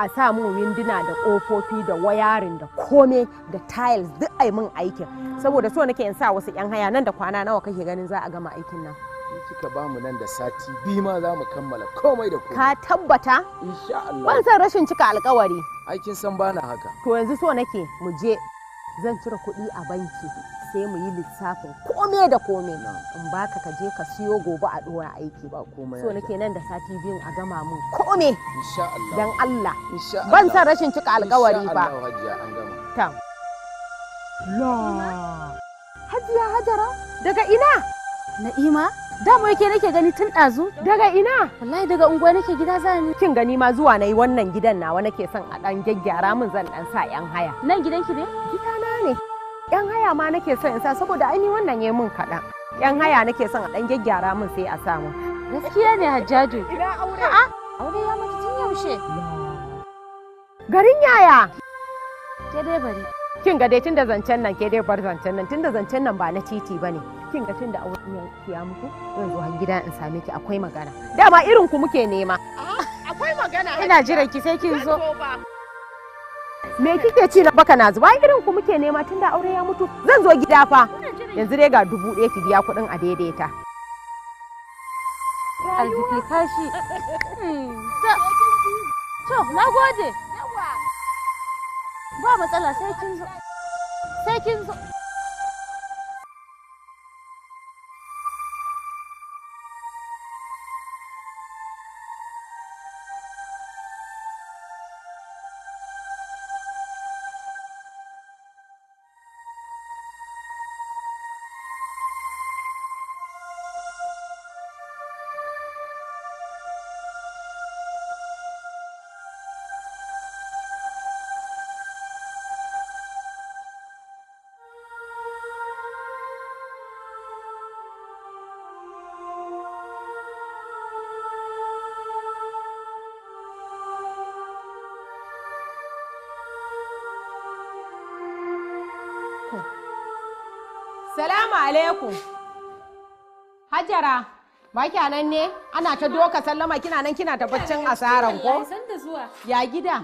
a sa mun winduna da kofofi da wayarin da kome da tiles duk a mun aikin saboda so nake in sa wasu yan haya nan da kwana nawa kake ganin za a gama aikin nan kika ba mu nan da sati biyu ma za mu kammala komai da komai ka tabbata insha Allah ban san rashin cika alkawari ai kin san bana haka to yanzu so nake mu je zan cire kuɗi a banki sai mu yi lissafin kome da kome in baka ka je ka siyo gobe a dora aiki ba komai so nake nan da sati biyu a gama mun kome dan Allah ban san rashin cika alkawari ba tam hajiya hajara daga ina na'ima mu yake nake gani tun ɗazu daga ina wallahi daga unguwa nake gida za ni kin gani ma zuwa nayi wannan gidan nawa nake son a ɗan gyaggyara min zan dan sa yan haya nan gidanki ne gida haya ma nake son in sa saboda ainihin wannan yayi mun kaɗan yan haya nake son a ɗan gyaggyara min sai a samu gaskiya ne hajjaju ina aure a'a aure ya mutu tun yaushe garin yaya ke dai bari kin ga dai tunda zancen nan ke dai bar zancen nan tunda zancen nan ba na titi bane kin ga tunda auren ya kiya muku zan zo har gida in same ki akwai magana dama irin ku muke nema akwai magana ina jiran ki sai kin zo me kike ci na baka na zuba irin ku muke nema tun da aure ya mutu zan zo gida fa yanzu dai ga dubu ɗaya ki biya kuɗin a daidaita hmm. ba alaikum. Hajara, ba kya nan ne? Ana ta doka sallama kina nan kina ta baccin asaran ko? Ya gida?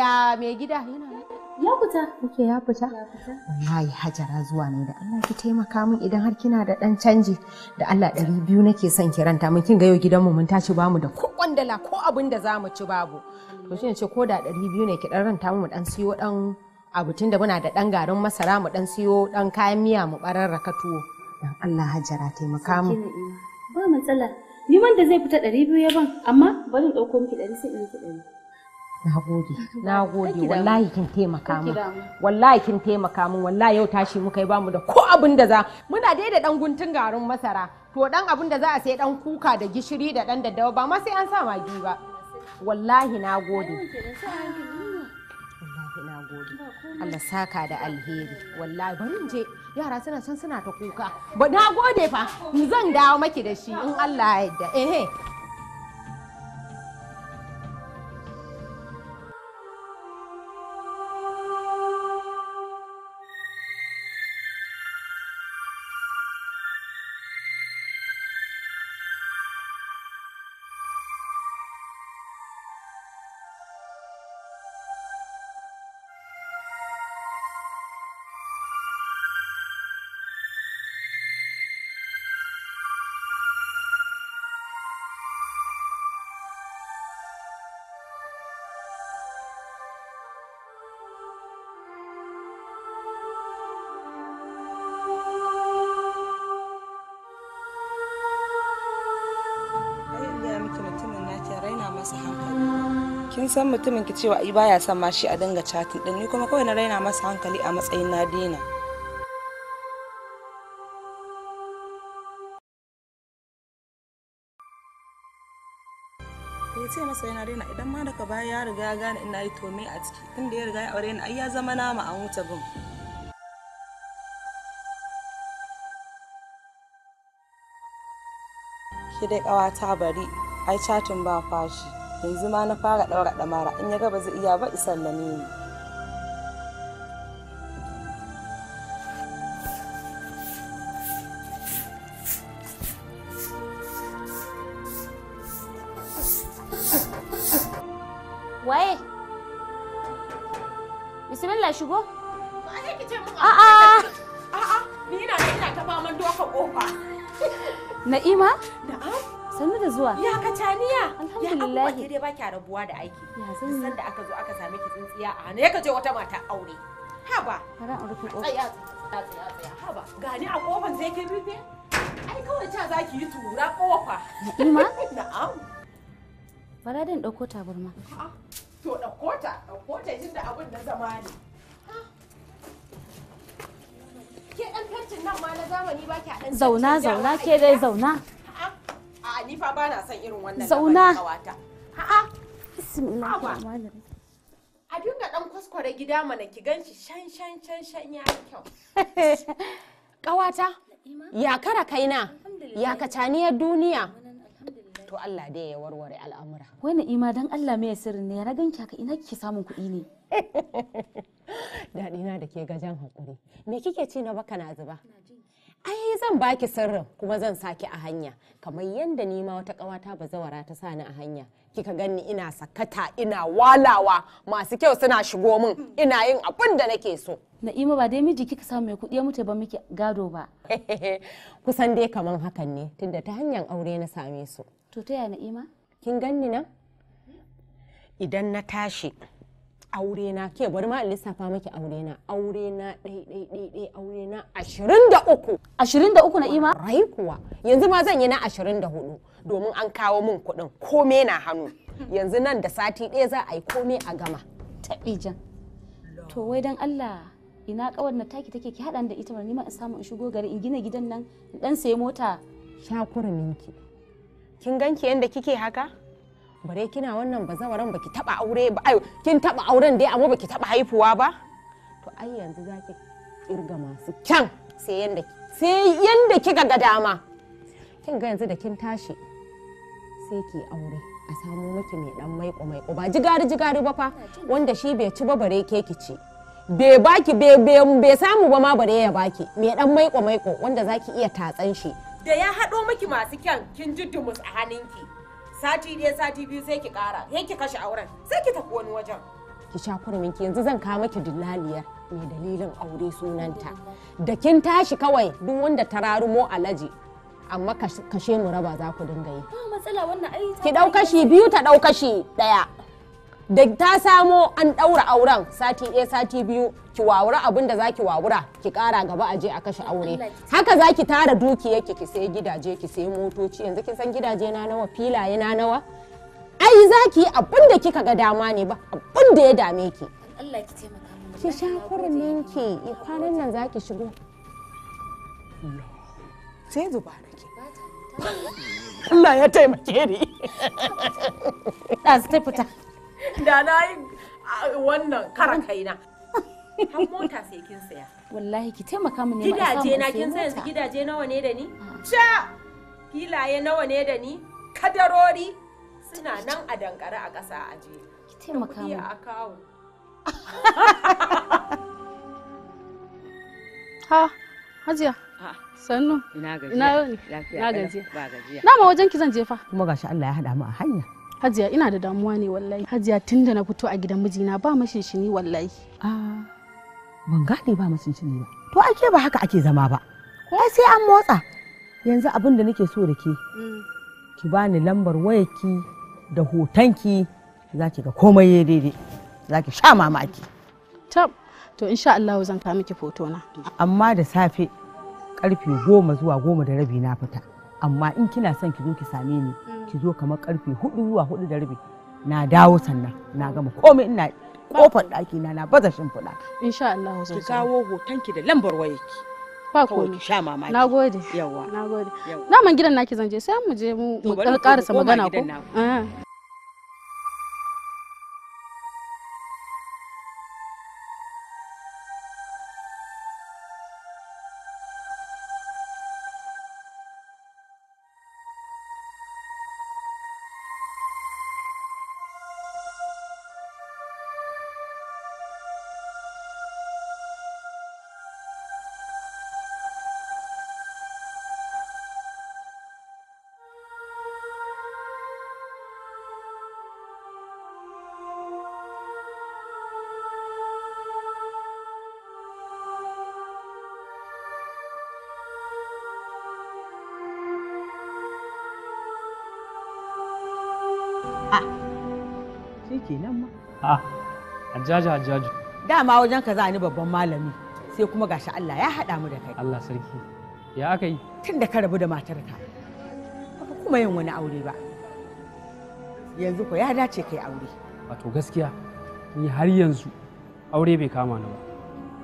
Ya mai gida? Ya fita. Kike ya fita? Wallahi Hajara zuwa ne da Allah ki taimaka min idan har kina da dan canji da Allah ɗari biyu nake son kiranta mun kin ga yau mu mun tashi bamu da ko kwandala ko abin da za mu ci babu. To shi ce ko da ɗari biyu ne ki ɗan ranta mu dan siyo dan abu tunda muna da ɗan garin masara mu ɗan siyo ɗan kayan miya mu bararraka tuwo dan Allah hajara taimaka mu ba matsala ni wanda zai fita ɗari biyu ya ban amma bari in ɗauko miki ɗari sai in miki ɗari na gode na gode wallahi kin taimaka mu wallahi kin taimaka mu wallahi yau tashi muka yi bamu da ko abin da za muna dai da dan guntun garin masara to dan abin da za a sai dan kuka da gishiri da dan daddawa ba ma sai an sa magi ba wallahi na gode gode Allah saka da alheri wallahi barin je yara suna can suna ta kuka ba na gode fa zan dawo maki da shi in Allah ya yarda ehe san mutumin ki cewa ai baya son ma shi a dinga chatting din ni kuma kawai na raina masa hankali a matsayin na dina ya ce masa yana raina idan ma daga baya ya riga ya gane ina yi tome a ciki tunda ya riga ya aure ni ai ya zama nama an wuce bin ki dai kawata bari ai chatin ba fashi yanzu ma na fara ɗaura ɗamara in ya ga ba zai iya ba isar na ni waye bismillah shigo a'a a'a ni na ina ta faman doka kofa na'ima Sannu da zuwa. Ya ka taniya. Alhamdulillah. Ya abubuwa ba kya rabuwa da aiki. Ya zan San da aka zo aka same ki tsintsiya a hannu ya ka je wata mata aure. Haba. Bara in rufe kofa. Tsaya tsaya tsaya. Haba. Gani a kofar sai kin rufe. Ai kawai ca za ki yi tura kofa. Ima? Na'am. Bara dan dauko tabarma. To dauko ta, dauko ta tunda abin na zama ne. Ke dan kantin nan ma na zamani ba ki a dan Zauna zauna ke dai zauna. A'a ni fa ba na son irin wannan zauna kawata. A'a bismillahir A dinga dan kwaskware gida mana ki ganshi shan shan shan shan ya kyau. Kawata ya kara kaina ya kacaniyar duniya. To Allah dai ya warware al'amura. Wai na'ima dan Allah me sirrin ne na ganki haka ina kike samun kuɗi ne. Daɗina da ke gajen hakuri. Me kike ci na baka na zuba? ai zan baki sirrin kuma zan saki a hanya kamar yadda ni ma wata ƙawata zawara ta sani a hanya kika gani ina sakata ina walawa masu kyau suna shigo min ina yin abin da nake so na'ima ba dai miji kika samu mai kuɗi ya mutu ba miki gado ba kusan dai kaman hakan ne tunda ta hanyar aure na same su to ta na'ima kin ganni na? idan na tashi aure na ke bari ma lissafa maki aure na aure na dai dai dai dai aure na ashirin da na ima rai kuwa yanzu ma zan yi na ashirin da hudu domin an kawo min kuɗin kome na hannu yanzu nan da sati ɗaya za a yi kome a gama tabijan to wai dan Allah ina kawar na taki take ki haɗa da ita ni ma in samu in shigo gari in gina gidan nan in dan sayi mota shakuruminki kin ganki yanda kike haka bare kina wannan bazawaran baki taba aure ba ai kin taba auren dai amma baki taba haifuwa ba to ai yanzu zaki kirga masu kyan sai yanda sai yanda kika ga dama kin ga yanzu da kin tashi sai ki aure a samu miki mai dan maiko maiko ba jigari jigari ba fa wanda shi bai ci ba bare ke ki ci bai baki bai samu ba ma bare ya baki mai dan maiko maiko wanda zaki iya tatsan shi da ya haɗo miki masu kyan kin ji dumus a hannunki sati ɗaya sati biyu sai ki ƙara sai ki kashe auren sai ki tafi wani wajen ki sha kurmin ki yanzu zan kawo maki dillaliyar mai dalilin aure sunanta da kin tashi kawai duk wanda ta rarumo alaji amma kashe mu raba za ku dinga yi ki ɗau kashi biyu ta ɗau kashi ɗaya. da ta samo an ɗaura auren sati ɗaya sati biyu ki wawura abin da zaki wawura ki ƙara gaba a je a kashe aure haka zaki tara dukiyarki ki sai gidaje ki sai motoci yanzu kin san gidaje na nawa filaye na nawa ai zaki abin da kika ga dama ne ba abin da ya dame ki Allah ki taimaka ki sha kurmin ki kwanan nan zaki shigo sai zuba Allah ya taimake ni. Ɗazu ta fita. da na yi wannan kara kaina har mota sai kin saya wallahi ki taimaka mu ne gidaje na kin san yanzu gidaje nawa ne da ni sha ah. filaye nawa ne da ni kadarori suna nan a dankare a ƙasa a je ki taimaka mu a kawo ha hajiya sannu ina gajiya na gajiya na ma wajen ki zan jefa kuma gashi Allah ya hada mu a hanya hajiya ina da damuwa ne wallahi hajiya tun da na fito a gidan mijina ba mashin wallahi ban gane ba mashin ba to ake ba haka ake zama ba ko sai an motsa yanzu abin da nake so da ke mm. ki ni lambar wayarki da hotonki za ki ga komai ya daidai za ki sha mamaki tab to insha Allah zan kawo miki foto na amma da safe karfe goma zuwa goma da rabi na fita amma in kina son ki zo ki same ni mm. ki zo kamar karfe hudu zuwa hudu da rabi na dawo sannan na gama komai ina kofar daki na na baza shimfiɗa. Insha Allah zan Ki kawo hotonki da lambar wayarki. Ba ko ni sha mamaki. nagode yawa nagode Na man gidan naki zanje sai mu je mu mu karasa magana ko. shi nan ma a ah, hajjaju hajjaju dama wajen ka za ni babban malami sai kuma gashi Allah ya haɗa mu da kai Allah sarki ya aka yi tun da ka rabu da matarka ba kuma yin wani aure ba yanzu ko ya dace kai aure wato gaskiya ni har yanzu aure bai kama ni ba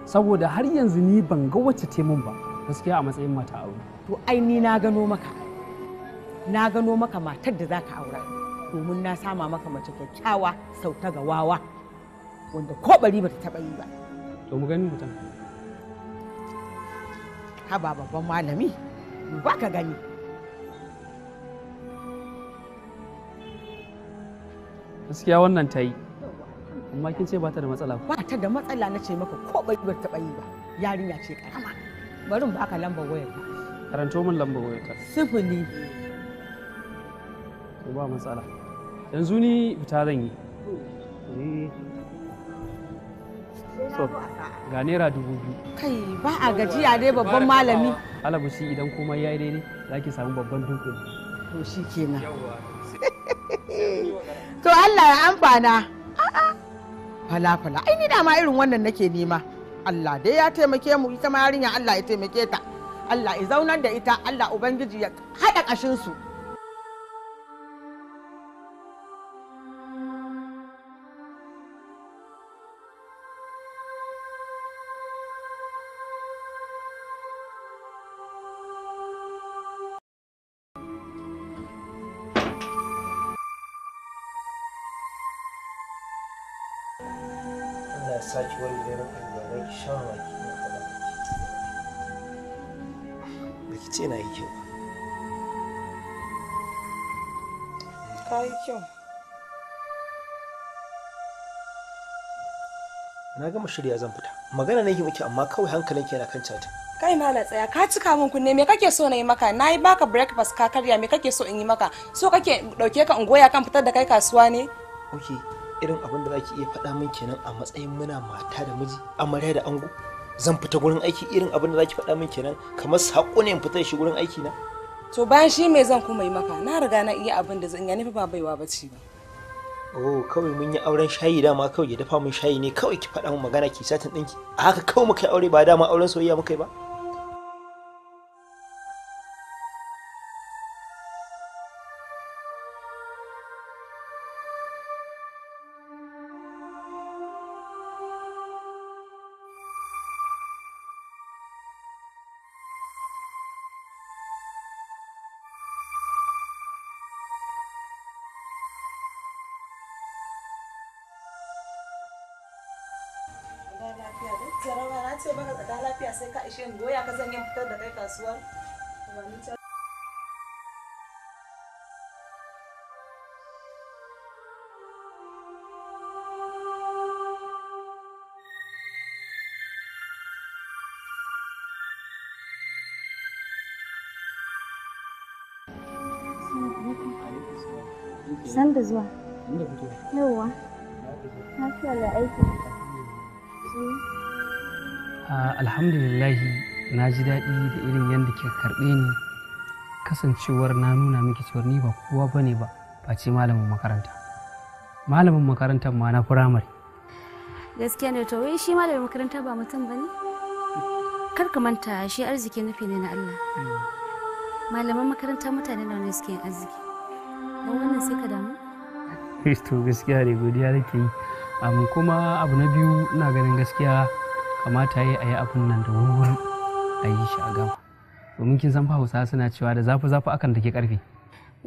saboda har yanzu ni ban ga wacce te mun ba gaskiya a matsayin mata aure to ai ni na gano maka na gano maka matar da zaka aura domin na sama maka mace kyakkyawa sau ta ga wawa wanda ko bari bata taba yi ba to mu gani mutum haba babban malami ba ka gani gaskiya wannan ta yi amma kin ce ba ta da matsala ba ta da matsala na ce maka ko ba ta taba yi ba yarinya ce karama barin ba ka lambar wayar ka karanto min lambar wayar ka sifili ba matsala yanzu ni fita zan yi so ga naira dubu biyu kai ba a gajiya dai babban malami shi idan komai ya yi daidai za ki samu babban dukkan to shi kenan to allah ya amfana fala-fala ai ni dama irin wannan nake nema allah dai ya taimake mu ita ma yarinya allah ya taimake ta allah ya zaunar da ita allah ubangiji ya haɗa ƙashinsu shawara ki na ba ki ce na yi kyau ba ka yi kyau na gama shirya zan fita magana ne muke amma kawai ke yana kan catin kai mala tsaya ka cika min kunne me kake so na yi maka na yi baka breakfast ka karya me kake so in yi maka so kake dauke ka in goya kan fitar da kai kasuwa ne okay irin abin da zaki iya faɗa min kenan a matsayin muna mata da miji amarya da ango zan fita gurin aiki irin abin da zaki faɗa min kenan kamar sako ne in fita shi gurin aiki na to bayan shi me zan kuma yi maka na riga na iya abin da zan yi nufi ba baiwa ba ce ba oh kawai mun yi auren shayi dama kawai ya dafa mun shayi ne kawai ki faɗa min magana ki satin ɗinki a haka kawai muka yi aure ba dama auren soyayya muka yi ba kasuwar san da zuwa yauwa lafiya da aiki ah, alhamdulillahi na ji daɗi da irin yadda kika karɓe ni kasancewar na nuna miki cewar ni ba kowa ba ne ba ce malamin makaranta malamin makarantar ma na firamare gaskiya ne to shi malamin makaranta ba mutum ba ne kar ka manta shi arziki nufi ne na Allah malaman makaranta mutane na wani suke yin arziki don wannan sai ka damu eh, to gaskiya ne godiya nake yi amma kuma abu na biyu ina ganin gaskiya kamata ya yi a yi abin nan da wuri a yi shi a gama domin kin san fa hausa suna cewa da zafi zafi akan take karfi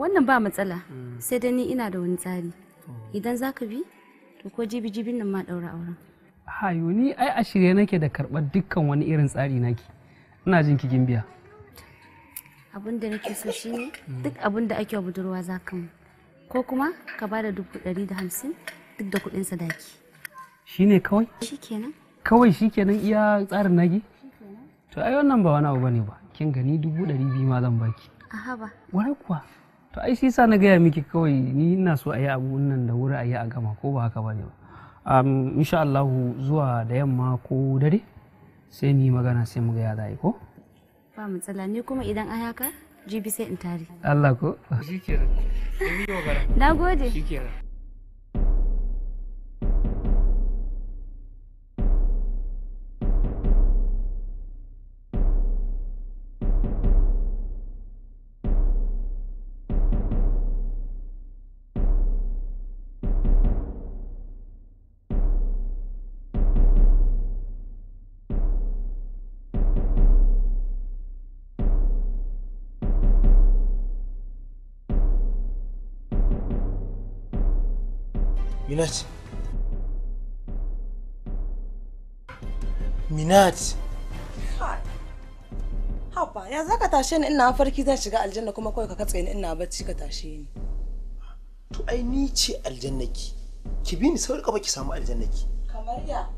wannan ba matsala mm. sai dai ni ina da wani tsari idan za ka bi to ko jibi jibin nan ma daura auren hayo ni ai a shirye nake da karɓar dukkan wani irin tsari naki ina jin ki biya abin da nake so shine mm. duk abin da ake budurwa za ka mu ko kuma ka ba da dubu ɗari da hamsin duk da kuɗin sadaki shine kawai shikenan kawai shikenan iya tsarin naki to ai wannan ba wani abu bane ba kin gani dubu ɗari biyu ma zan baki aha ba wai kuwa to ai shi sa na gaya miki kawai ni ina so a yi abu nan da wuri a yi a gama ko ba haka bane ba insha Allah zuwa da yamma ko dare sai mu yi magana sai mu ga ya zai ko ba matsala ni kuma idan ai haka jibi sai in tare Allah ko shikenan na gode shikenan Minat. Minat. Haba, ya za ka tashe ni ina farki zan shiga aljanna kuma kawai ka katse ni ina bacci ka tashe ni. To ai ni ce aljannaki. Ki bi ni sauri ka ki samu aljannaki. Kamar ya?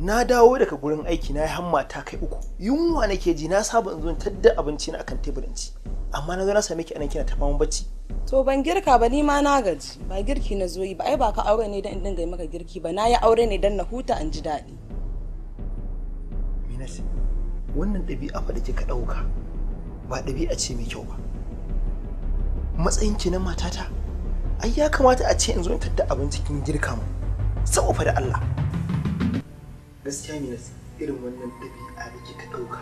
Na dawo daga gurin aiki na yi hamma ta kai uku. Yunwa nake ji na saba in zo tadda abinci na akan teburin ci. Amma na zo na same ki anan kina ta faman bacci. to ban girka ba ni ma na gaji ba girki na zo yi ba ai ba ka aure ne dan in dinga maka girki ba na yi aure ne dan na huta in ji daɗi Minas, wannan ɗabi'a fa da kika ɗauka ba ɗabi'a ce mai kyau ba ki na matata ai ya kamata a ce in zo in tadda abinci kin girka mu fa da Allah gaskiya Minas, irin wannan ɗabi'a da kika ɗauka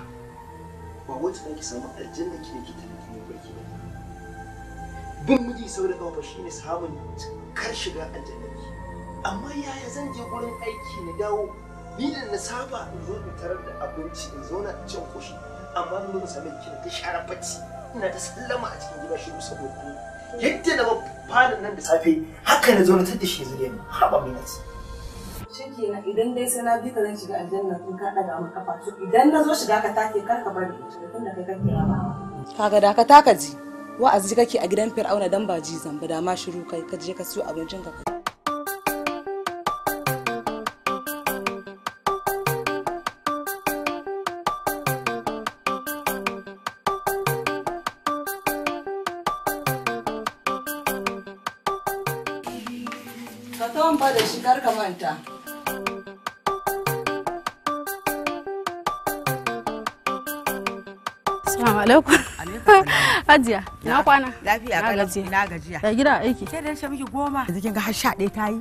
ba wacce ki samu aljanna ki ne ki tafi ki ne bin miji sau da kafa shine samun kar shiga aljanna amma yaya zan je gurin aiki na dawo ni da na saba in zo in tarar da abinci in zauna na cin kushi amma ni ba samu kina ta share bacci ina ta sallama a cikin gida shi saboda ni yadda na fara nan da safe haka na zo na tada shi zuriya ne haba mai nasi shikenan idan dai sai na bi ka zan shiga aljanna kun ka daga mu kafa idan na zo shiga ka take kar ka bari tunda kai kake ba kaga da ka taka ji wa'azi kake a gidan fir'auna dan ba ji zamba da ma shiru kai ka je ka siyo abincin ka Ka tawon ba da shigar ka manta. Assalamu alaikum. ajiya na kwana. Lafiya kalau na gajiya. Ya gida aiki. Sai da nace miki goma. Yanzu kin ga har sha ɗaya ta yi.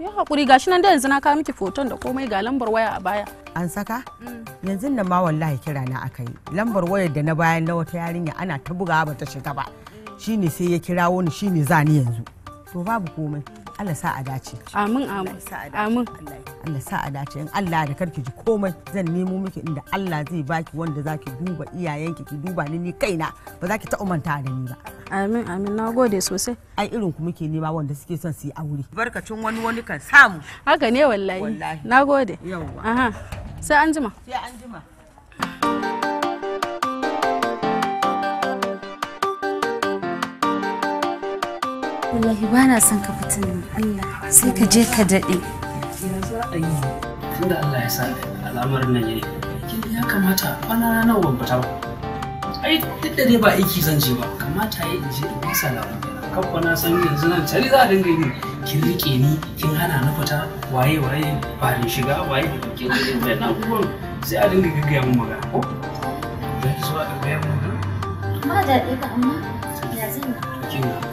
Ya hakuri gashi nan da yanzu na kawo miki foton da komai ga lambar waya a baya. An saka? Mm. Yanzu nan ma wallahi kira na aka yi. Lambar wayar da na bayan na wata yarinya ana ta bugawa bata shiga ba. Shine sai ya kirawo ni shine zani yanzu. To babu komai. Allah sa a dace amin amin amin Allah sa a dace in Allah da karki ji komai zan nemo miki inda Allah zai baki wanda zaki duba iyayenki ki duba ni ni kaina ba za ki ta umanta da ni ba amin amin na gode sosai ai irin ku muke nema wanda suke son su yi aure barkacin wani wani kan samu haka ne wallahi na gode yawwa aha sai an jima sai an jima wallahi ba na son ka fita nan Allah sai ka je ka daɗe ya za a yi tunda Allah ya sa al'amarin nan yake. kin ya kamata kwana nawa ban fita ba ai duk da dai ba aiki zan je ba kamata ya je in yi salama. kan kwana san yanzu nan cari za a dinga yi kin rike ni kin hana na fita waye waye ba ni shiga waye kin rike na abubuwan sai a dinga gaggaya mun magana ko Zan zo a gaggaya mun magana ma daɗi ka amma ya zan yi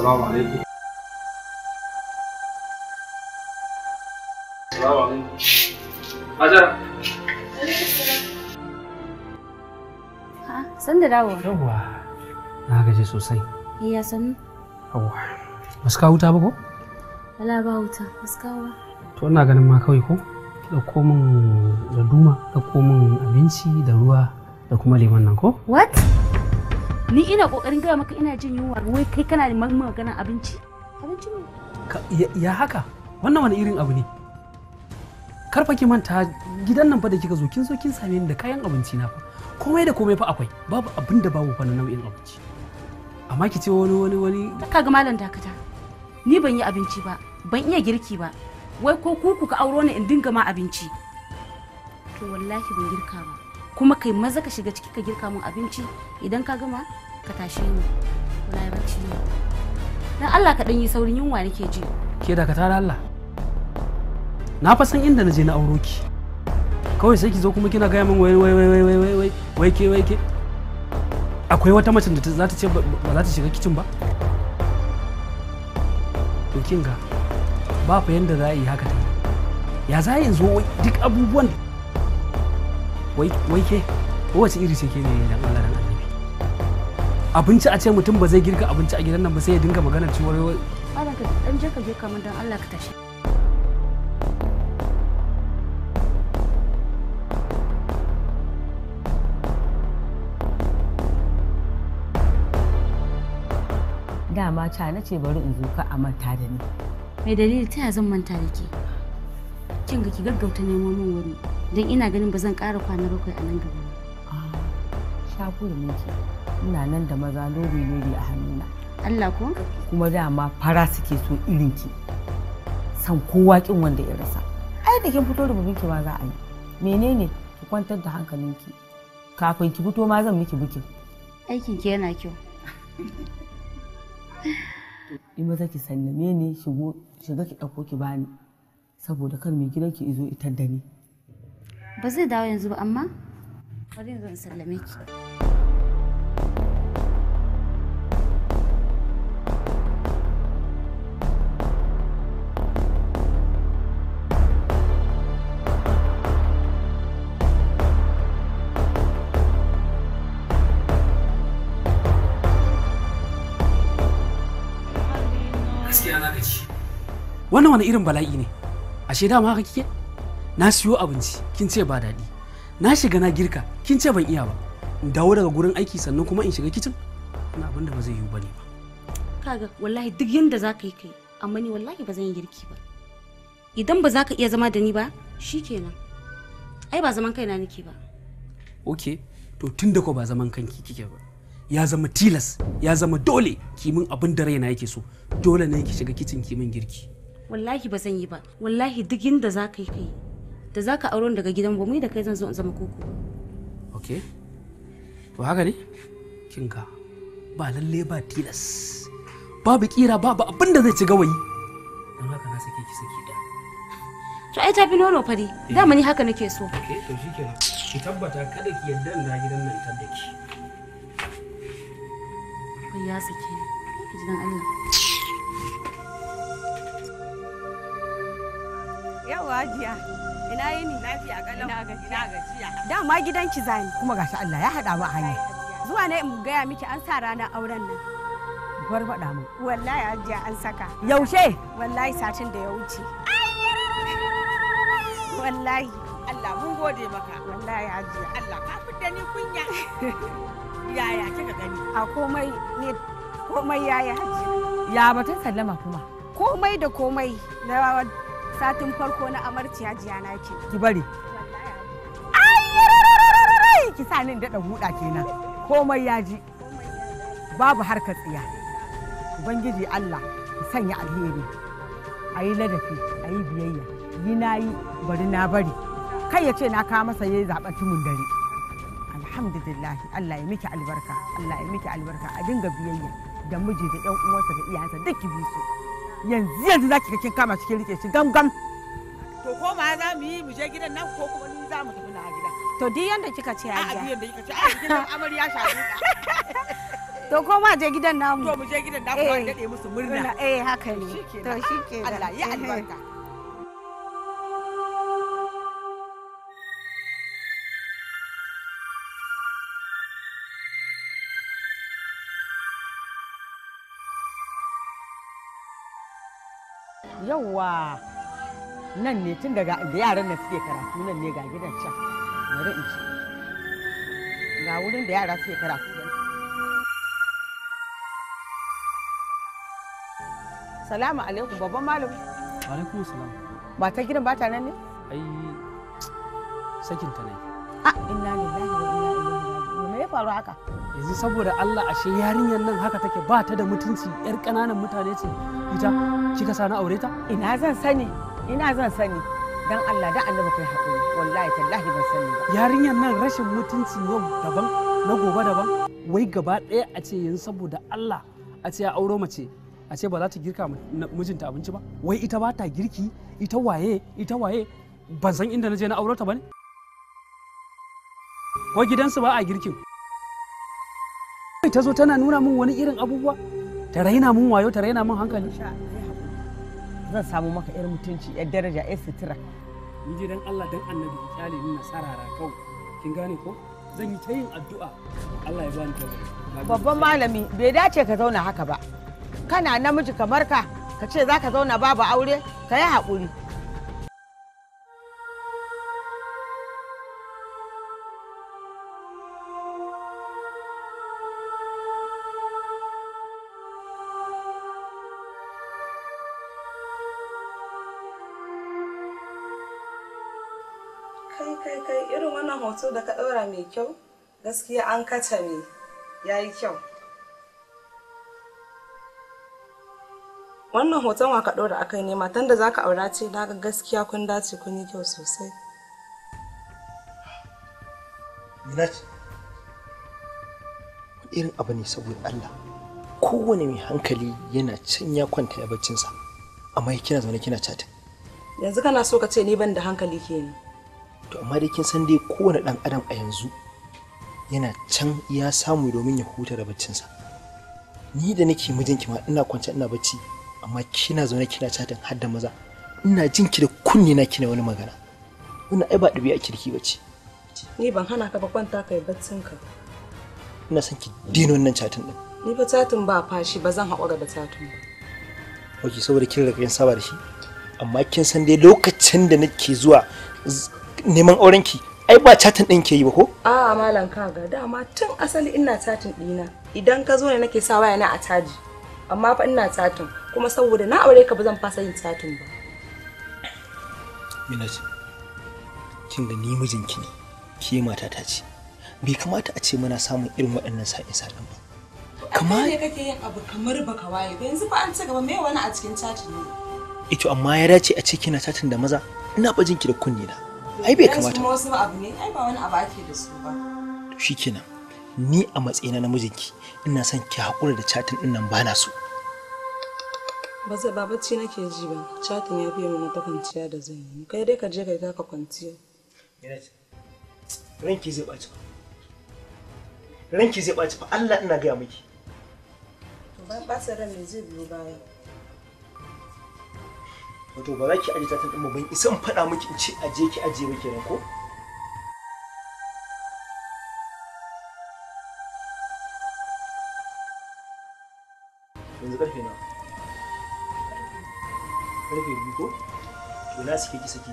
assalamu عليكم عليكم san da dawo yawwa na sosai iya san yawwa ba ko wala ba kawo to ina ganin ma kawai ko ɗauko min da duma ɗauko min abinci da ruwa da kuma lemon nan ko what ni ina kokarin gaya maka ina jin yunwa wai kai kana da maganar abinci abinci ne ya haka wannan wani irin abu ne karfa ki manta gidan nan fa da kika zo kin zo kin same ni da kayan abinci na fa komai da komai fa akwai babu abin da babu fa na nau'in abinci amma ki ce wani wani wani ka ga malam dakata ni ban yi abinci ba ban iya girki ba wai ko kuku ka auro ni in dinga ma abinci to wallahi ban girka ba kuma kai maza ka shiga ciki ka girka mun abinci idan ka gama ka tashe ni ya bacci ne dan Allah ka dan yi saurin yunwa nake ji ke da ka tara Allah na fa san inda na je na auro ki kawai sai ki zo kuma kina gaya min wai wai wai wai wai wai wai ke wai ke akwai wata macen da za ta ce ba za ta shiga kicin ba to kinga ba fa yanda za a yi haka ya za a yanzu duk abubuwan wai ke wace iri ce ke ne da Allah dan annabi abinci a ce mutum ba zai girka abinci a gidan nan ba sai ya dinga magana cewa wai ana ka dan je ka je ka mun dan Allah ka tashi dama ca na ce bari in zo ka a manta da ni mai dalili ta zan manta da ke kin ga ki gaggauta nemo min wani don ina ganin ba zan ƙara kwana bakwai a nan gaba ba. Ah, Shakuri ne ce, ina nan da maza lori lori a hannuna. Allah ko? Kuma dama fara suke so irin ki. San kowa kin wanda ya rasa. Ai da kin fito da ki ma za a yi. Menene ki kwantar da hankalinki. Kafin ki fito ma zan miki bikin. Aikin ki yana kyau. in maza ki sallame mene shigo shiga ki ɗauko ki bani saboda kar mai gidan ki izo itar da ni ba zai dawo yanzu ba amma bari zan sallame ki wannan wani irin bala'i ne ashe dama haka kike na siyo abinci kin ce ba daɗi na shiga na girka kin ce ban iya ba in dawo daga gurin aiki sannan kuma in shiga kicin na abin da ba zai yiwu ne ba kaga wallahi duk yanda za ka yi kai amma ni wallahi ba zan yi girki ba idan ba za ka iya zama da ni ba shikenan ai ba zaman kaina nake ba okay to tun da ko ba zaman kanki kike ba ya zama tilas ya zama dole kimin abin da raina yake so dole ne ki shiga kicin kimin girki wallahi ba zan yi ba wallahi duk inda za ka yi kai da zaka auro daga gidan ba da kai zan zo in zama koko okay to haka ne kin ga ba lalle ba tilas babu kira babu abin da zai ci gawayi don haka na sake ki saki da to ai tafi nono fari eh. Da ni haka nake so okay to shikenan ki tabbata kada ki yarda na gidan nan tar da ki kai ya sake ni ki dan Allah yawa jiya Ina yini? Lafiya kalau. Ina gajiya. Dama gidanki zani. Kuma gashi Allah ya haɗa mu a hanya. Zuwa ne in gaya miki an sa ranar auren nan. Gwar faɗa mu. Wallahi ajiya an saka. Yaushe? Wallahi satin da ya wuce. Wallahi. Allah mun gode maka. Wallahi ajiya. Allah ka da ni kunya. Yaya kika gani? A komai ne komai yaya hajiya. Ya batun sallama kuma. Komai da komai na satin farko na amarciya jiya na ke ki bari ai ki sa ni daɗa huɗa kenan komai ya ji babu harkar tsiya ubangiji allah ki sanya alheri a yi ladafi a yi biyayya yi na yi bari na bari kai ya ce na kawo masa ya yi zaɓen tumun dare alhamdulillah allah ya miki albarka allah ya miki albarka a dinga biyayya da miji da ƴan uwansa da iyayensa duk ki bi su yanzu yanzu za ki kin kama cikin rike shi gam gam to ko ma za mu yi mu je gidan nan ko kuma ni za mu tafi na gida. to duk yanda kika ce a gidan yanda kika ce a gidan amarya shaɗu to ko ma je gidan namu to mu je gidan namu ko eh. dade musu murna eh haka ne to shikenan Allah ya albarka eh. yawwa nan ne tun daga inda yaran nan suke karatu nan ne ga gidan can bari in ci ga wurin da yara suke karatu salamu alaikum babban malam alaikum salam ta gidan ba ta nan ne ai sakin ta ne a ah, inna lillahi wa inna ilaihi raji'un me ya faru haka yanzu saboda Allah ashe yarinyar nan haka take ba ta da mutunci yar kananan mutane ce ita kika sa na aure ta ina zan sani ina zan sani dan Allah da annabi kai hakuri wallahi tallahi ban sani ba yarinyar nan rashin mutunci yau daban na gobe daban wai gaba ɗaya a ce yanzu saboda Allah a ce ya auro mace a ce ba za ta girka mijinta abinci ba wai ita ba ta girki ita waye ita waye ban san inda na je na auro ta bane ko gidansu ba a girkin ta zo tana nuna min wani irin abubuwa ta raina min wayo ta raina min hankali zan samu maka yar mutunci yar daraja yar sutura ni je dan Allah dan annabi ki kyale ni na sarara kau kin gane ko zan yi ta yin addu'a Allah ya bani tabbata babban malami bai dace ka zauna haka ba kana namiji kamar ka ka ce za ka zauna babu aure ka yi haƙuri so da ka ɗora mai kyau gaskiya an katame ya yi kyau wannan hoton wa ka ɗora akai ne matan da za ka aura ce na ga gaskiya kun dace kun yi kyau sosai Minaj, irin abu ne saboda Allah kowane mai hankali yana can ya kwanta ya baccinsa amma kina zaune kina cata yanzu kana so ka ce ni ban da hankali ke ni. to amma dai kin san dai kowane ɗan adam a yanzu yana can ya samu domin ya huta da baccinsa ni da nake mijinki ma ina kwance ina bacci amma kina zaune kina chatin har da maza ina jin ki da kunni na kina wani magana wannan ai ba a kirki bace ni ban hana ka ba kwanta kai baccinka ina son ki dino wannan chatin din ni fa chatin ba fashi ba zan haƙura da chatin ba ok saboda kin riga kin saba da shi amma kin san dai lokacin da nake zuwa neman aurenki ai ba chatin din ke yi ba ko a malam ga dama tun asali ina chatin dina idan ka zo ne nake sa waya na a caji amma fa ina chatin kuma saboda na aure ka ba zan fasa yin chatin ba Minaj kin ga ni mijinki ne ke ta ce bai kamata a ce muna samun irin waɗannan sa'in sa'in ba kamar ne kake yin abu kamar baka waye ba yanzu fa an ci gaba me wani a cikin chatin ne ito amma ya dace a ce kina chatin da maza ina bajin ki da kunni na ai bai kamata kuma wasu abu ne ai ba wani abu ake da su ba to shikenan ni a matsayina na mijinki ina son ki hakura da chatin din nan bana so ba zai ba bacci nake ji ba chatin ya fiye mun ta kwanciya da zan yi kai dai ka je kai ka kwanciya ranki zai baci ranki zai baci fa Allah ina gaya miki ba ba ran me zai biyo baya wato ba za ki aje tatin ɗin ban isa in faɗa miki in ce aje ki aje ba kenan ko yanzu ƙarfe na ƙarfe biyu ko to na sike ki saki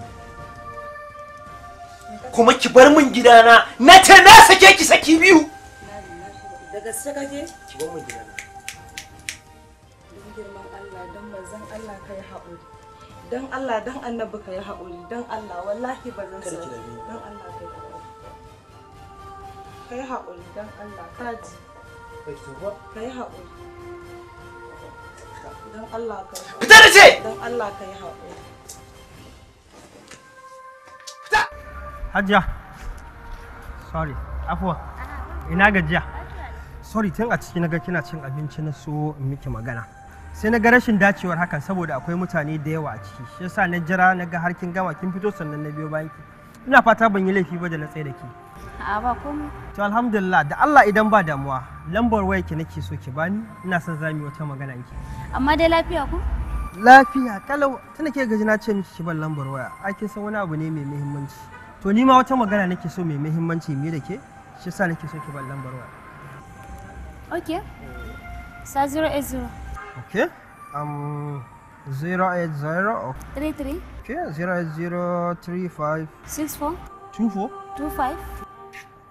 kuma ki bar min gidana na ce na sake ki saki biyu daga saka ke ki bar min gidana don girman Allah don bazan Allah kai haƙuri dan Allah dan annabi ka yi haƙuri dan Allah wallahi ba zan sai dan Allah ka yi ka yi haƙuri dan Allah ka ji ka yi haƙuri dan Allah ka yi fita da ce dan Allah ka yi haƙuri fita hajiya sorry afuwa ina gajiya sorry tun a ciki na ga kina cin abinci na so miki magana sai na ga rashin dacewar hakan saboda akwai mutane da yawa a ciki shi yasa na jira na ga har kin gama kin fito sannan na biyo bayan ki ina fata ban yi laifi ba da na tsaye da ke a ba komai to alhamdulillah da Allah idan ba damuwa lambar waya ki nake so ki bani ina son zamu yi wata magana ki amma dai lafiya ku lafiya kalau tana ke gaji na ce miki ki ban lambar waya a kin san wani abu ne mai muhimmanci to ni ma wata magana nake so mai muhimmanci me da ke shi yasa nake so ki ban lambar waya okay sa 080 Okay. Um, zero eight zero. Three three. Okay. Zero eight zero three five. Six four. Two four. Two five.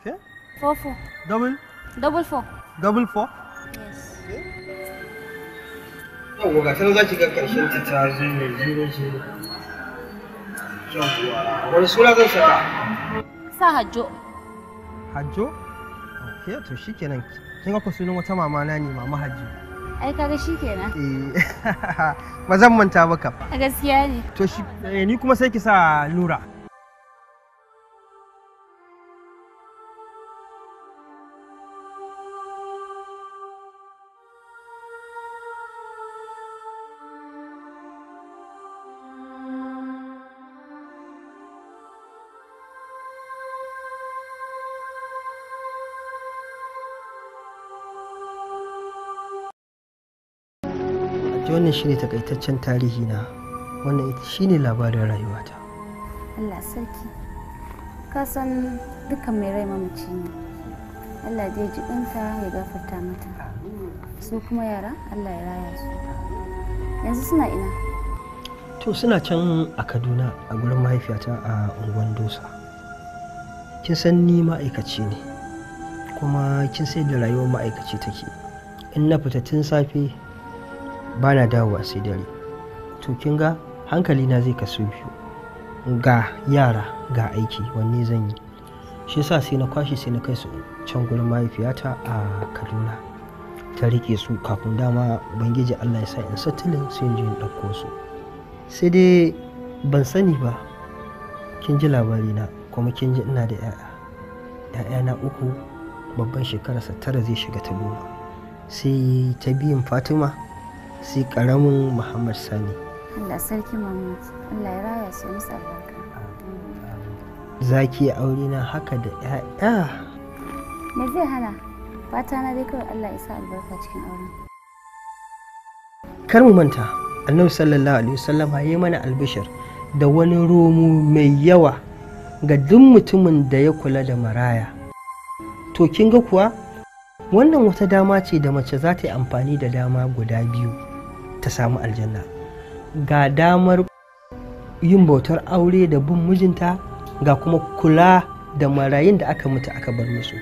Okay. Four four. Double. Double four. Double four. Yes. wani suna zan saka? Sa hajjo. Hajjo? Ok to shikenan kin ga ko sunan wata mama na ne mama hajjo. ai kaga kenan eh ba zan manta ba kam gaskiya ne to shi eh, ni kuma sai ki sa lura ji wannan ne takaitaccen tarihi na wannan shi ne labarin rayuwata Allah sarki ka san dukkan mai rai mamaci ne Allah ya ji ɗinta ya gafarta mata su kuma yara Allah ya raya su yanzu suna ina to suna can a Kaduna a gurin mahaifiyata a unguwan Dosa kin san ni ma'aikaci ne kuma kin sai da rayuwar ma'aikaci take in na fita tun safe ba na dawowa sai dare to kin ga hankali na zai kaso biyu ga yara ga aiki wanne zan yi shi sa sai na kwashe sai na kai su can gurin mahaifiyata a kaduna ta rike su kafin dama ubangiji allah ya sa in satilin sai in ɗauko su sai dai ban sani ba kin ji labari na kuma kin ji ina da 'ya'ya 'ya'yana uku babban shekararsa tara zai shiga ta goma sai ta biyan fatima sai karamin muhammad sani allah sarki mahmud allah ya raya su musu albarka za ki yi aure na haka da 'ya'ya me zai hana fata na dai kawai allah ya sa albarka cikin auren kar mu manta annabi sallallahu alaihi wasallam ya yi mana albishir da wani romo mai yawa ga duk mutumin da ya kula da maraya to kin ga kuwa wannan wata dama ce da mace za ta yi amfani da dama guda biyu ta samu aljanna ga damar yin bautar aure da bin mijinta ga kuma kula da marayun da aka mutu aka bar musu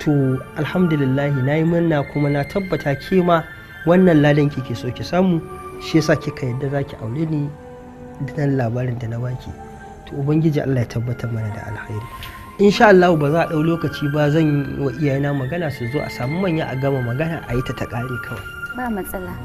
to alhamdulillahi na yi murna kuma na tabbata ke ma wannan ladan kike so ki samu shi yasa kika yadda za ki aure ni nan labarin da na baki to ubangiji Allah ya tabbatar mana da alkhairi insha Allah ba za a ɗau lokaci ba zan wa iyayena magana su zo a samu manya a gama magana a yi ta ta kare kawai ba matsala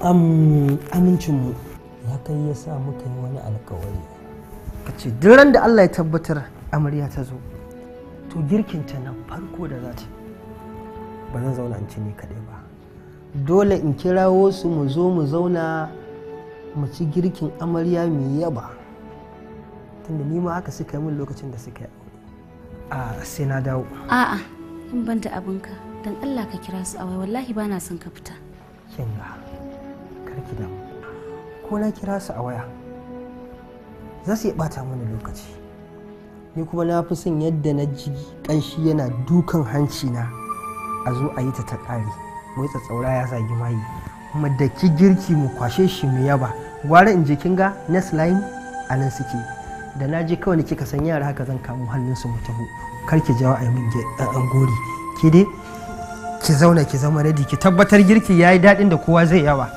amincinmu ya kai ya sa muka yi wani alkawari ka ce duk da allah ya tabbatar amarya ta zo to girkinta na farko da za ta ba zan zauna in ci ni kaɗai ba dole in kirawo su mu zo mu zauna mu ci girkin amarya mai yaba tunda ni ma haka suka yi min lokacin da suka yi a sai na dawo a'a in banta abinka don allah ka kira su a wai wallahi ba na son ka fita kinga karki ko na kira su a waya za su iya bata mana lokaci ni kuma na fi son yadda na ji kanshi yana dukan hanci na a zo a yi ta ta mu wai tsatsaura ya zagi mayi kuma da ki girki mu kwashe shi mu yaba gwara in je kin ga next line a nan suke da na je kawai kika san yara haka zan kamo hannun mu taho kar ki jawo a yi min gori ki dai ki zauna ki zama ready ki tabbatar girki ya yi daɗin da kowa zai yawa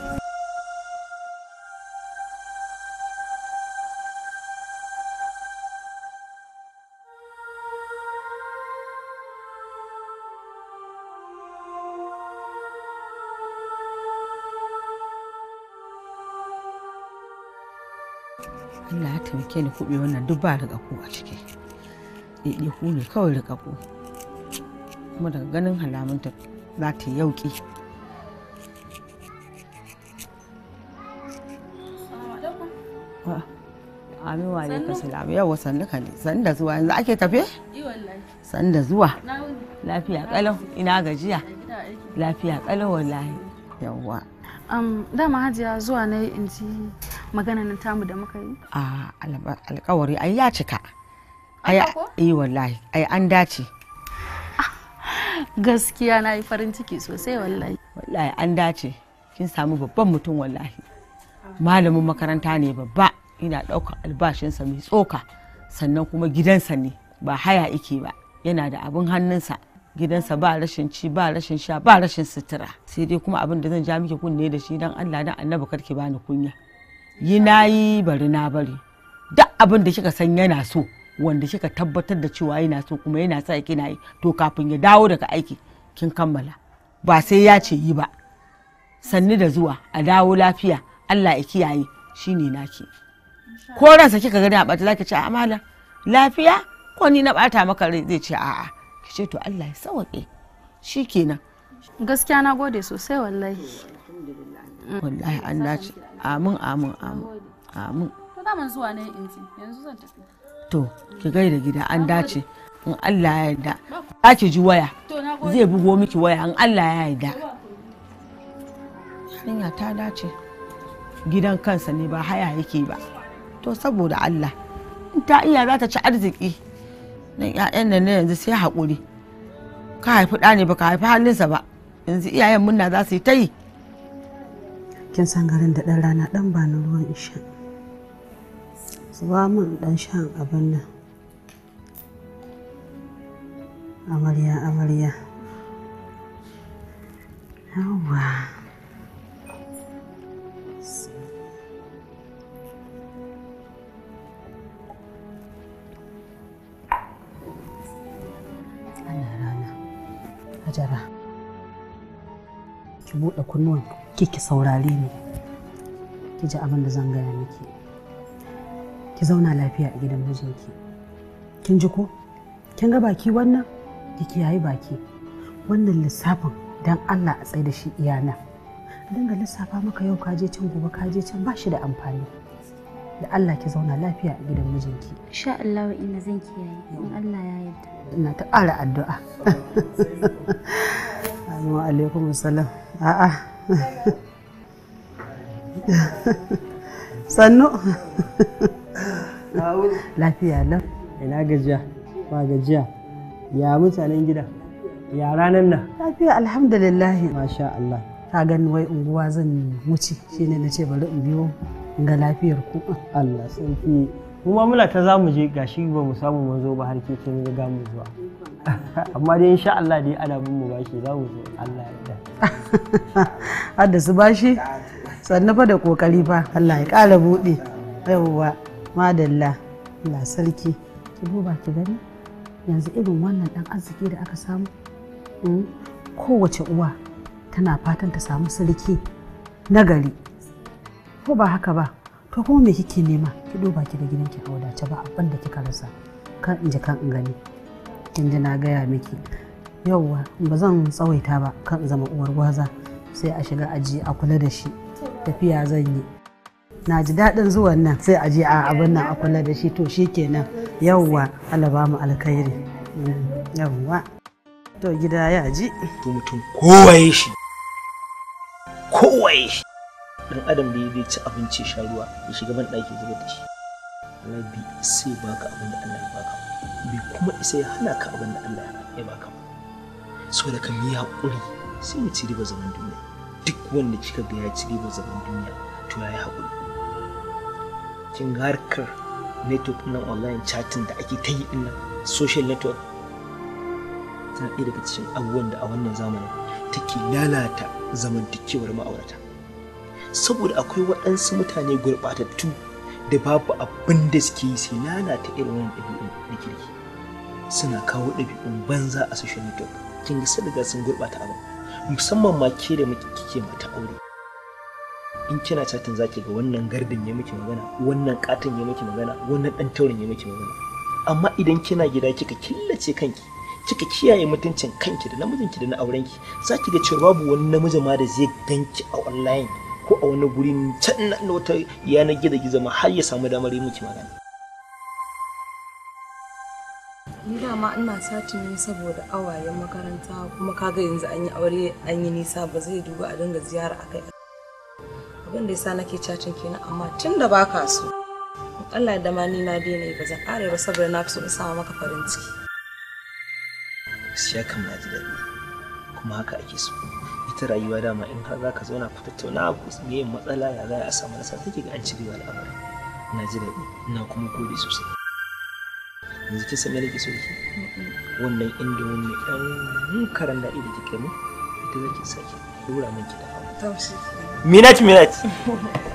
ke da kuɓe wannan duk ba riƙaƙo a ciki ku ne kawai riƙaƙo kuma daga ganin halamunta za ta yauƙi amin wa alaika salam yau wasan da ne san da zuwa yanzu ake tafe san da zuwa lafiya kalau ina gajiya lafiya kalau wallahi yawwa dama hajiya zuwa na in ji maganar tamu da muka yi? A alkawari ai ya cika. Ai eh wallahi ai an dace. Gaskiya na yi farin ciki sosai wallahi. Wallahi an dace. Kin samu babban mutum wallahi. Malamin makaranta ne babba ina ɗaukar albashinsa mai tsoka sannan kuma gidansa ne ba haya ike ba yana da abin hannunsa gidansa ba rashin ci ba rashin sha ba rashin sutura sai dai kuma abin da zan ja miki kunne da shi dan Allah dan annabi karki bani kunya yi na yi bari na bari duk abin da kika san yana so wanda kika tabbatar da cewa yana so kuma yana sa yake na yi to kafin ya dawo daga aiki kin kammala ba sai ya ce yi ba sanni da zuwa a dawo lafiya Allah ya kiyaye shine naki ko ransa kika gani a bata zaki ce amala lafiya ko ni na bata maka rai zai ce a'a ki ce to Allah ya shi shikenan gaskiya na gode sosai wallahi wallahi an dace amin amin amin amin to mun zuwa ne in ji yanzu zan tafi to ki da gida an dace in Allah ya yarda za ki ji waya zai bugo miki waya in Allah ya yarda hanya ta dace gidan kansa ne ba haya yake ba to saboda Allah in ta iya za ta ci arziki nan ƴaƴan nan yanzu sai haƙuri ka haifi ɗa ne ba ka haifi halinsa ba yanzu iyayen munna za su yi ta yi kin san garin da ɗan rana ɗan ba na ruwan isha zuwa min ɗan shan abin nan amarya amarya yawwa ana rana hajara ki buɗe kunnuwanku ki saurare ni ki ji abin da zan gaya miki ki zauna lafiya a gidan mijinki kin ji ko kin ga baki wannan ki kiyaye baki wannan lissafin dan Allah a tsaye da shi iyana a dinga lissafa maka yau ka je can gobe ka je can ba shi da amfani da Allah ki zauna lafiya a gidan mijinki insha Allah ina zan kiyaye in Allah ya yarda ina ta ƙara addu'a assalamu alaikum assalam a'a sannu lafiya nan ina gajiya ba gajiya ya mutanen gida ya ranar nan lafiya alhamdulillah masha Allah ta gani wai unguwa zan wuce ne na ce bari in biyo ga lafiyar ku Allah sun fi kuma mula ta zamu je gashi ba mu samu mun zo ba har ke kin ga mu zuwa amma dai insha Allah dai ana bin mu bashi zamu zo Allah ya har da su bashi sannu fa da kokari fa Allah ya ƙara buɗe yawwa madalla Allah sarki ki duba ki gani yanzu irin wannan ɗan arziki da aka samu hmm, kowace uwa tana fatan ta samu sarki na gari ko ba haka ba to kuma me kike nema ki duba ki da gidanki a wadace ba abin da kika rasa kan in ji kan in gani kin ji na gaya miki yauwa ba zan tsawaita ba kan zama uwar gwaza sai a shiga aji a kula da shi tafiya zan yi na ji daɗin zuwan nan sai a je a abin nan a kula da shi to shi kenan yauwa Allah ba mu alkhairi mm, yauwa to gida ya ji to mutum kowaye shi kowaye shi dan adam da ya ci abinci sha ruwa ya shiga ban ɗaki zuba da shi Allah bi sai baka abin da Allah ya baka bi kuma sai hana ka abin da Allah ya baka so da kan yi haƙuri sai ya ci riba zaman duniya duk wanda kika ga ya ci riba zaman duniya to ya yi haƙuri kin harkar network nan online chatting da ake ta yi nan social network tana ɗaya daga cikin abubuwan da a wannan zamanin take lalata zamantakewar ma'aurata saboda akwai waɗansu mutane gurɓatattu da babu abin da suke yi sai lalata irin wannan ɗabi'un na kirki suna kawo ɗabi'un banza a social network kin ga sadaka sun gurɓata abin musamman ma ke da kike mata aure in kina chatin zaki ga wannan gardin ya miki magana wannan katin ya miki magana wannan dan taurin ya miki magana amma idan kina gida kika killace kanki kika kiyaye mutuncin kanki da namijinki da na aurenki zaki ga cewa babu wani namiji ma da zai ganki a online ko a wani guri can na wata yanar gizo-gizo ma har ya samu damar yi miki magana ni dama ina satin ne saboda awayen makaranta kuma kaga yanzu an yi aure an yi nisa ba zai duba a dinga ziyara akai abin da yasa nake chatin kenan amma tun da baka so Allah da ma ni na daina ba zan ƙare ba saboda na fi so in sama maka farin ciki shi kan ji daɗi kuma haka ake so ita rayuwa dama in har zaka zauna ku tattauna ku yin matsala ya za a samu nasa take ga an cirewa al'amari na ji daɗi ina kuma gode sosai yanzu kin san wannan indomin mai dan karan kike mu ita zaki sake dora min ki da minat minat